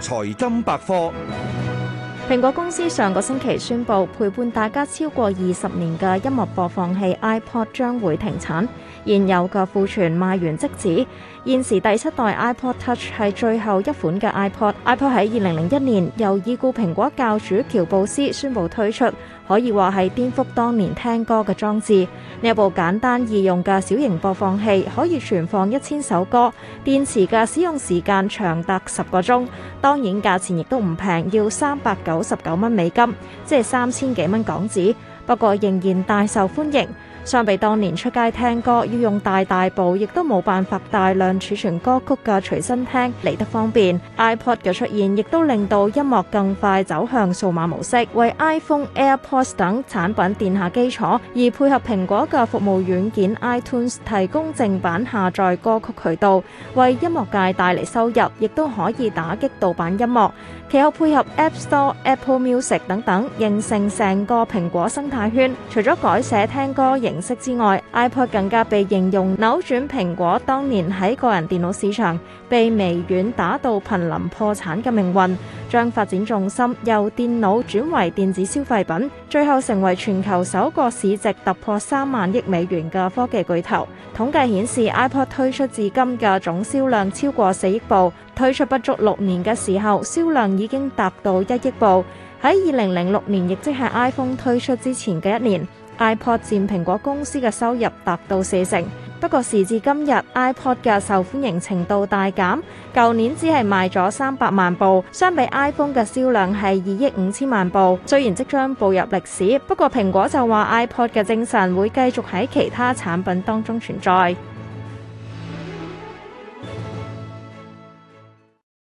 財金百科。蘋果公司上個星期宣布，陪伴大家超過二十年嘅音樂播放器 iPod 將會停產，現有嘅庫存賣完即止。現時第七代 iPod Touch 係最後一款嘅 iPod。iPod 喺二零零一年由已故蘋果教主喬布斯宣布推出。可以話係顛覆當年聽歌嘅裝置。呢一部簡單易用嘅小型播放器可以存放一千首歌，電池嘅使用時間長達十個鐘。當然價錢亦都唔平，要三百九十九蚊美金，即係三千幾蚊港紙。不過仍然大受歡迎。相比當年出街聽歌要用大大部，亦都冇辦法大量儲存歌曲嘅隨身聽嚟得方便。iPod 嘅出現亦都令到音樂更快走向數碼模式，為 iPhone、AirPods 等產品奠下基礎，而配合蘋果嘅服務軟件 iTunes 提供正版下載歌曲渠道，為音樂界帶嚟收入，亦都可以打擊盜版音樂。其後配合 App Store、Apple Music 等等，形成成個蘋果生態圈。除咗改寫聽歌，形式之外，iPod 更加被形容扭轉蘋果當年喺個人電腦市場被微軟打到瀕臨破產嘅命運，將發展重心由電腦轉為電子消費品，最後成為全球首個市值突破三萬億美元嘅科技巨頭。統計顯示，iPod 推出至今嘅總銷量超過四億部，推出不足六年嘅時候，銷量已經達到一億部。喺二零零六年，亦即係 iPhone 推出之前嘅一年。iPod 佔蘋果公司嘅收入達到四成，不過時至今日，iPod 嘅受歡迎程度大減，舊年只係賣咗三百萬部，相比 iPhone 嘅銷量係二億五千萬部。雖然即將步入歷史，不過蘋果就話 iPod 嘅精神會繼續喺其他產品當中存在。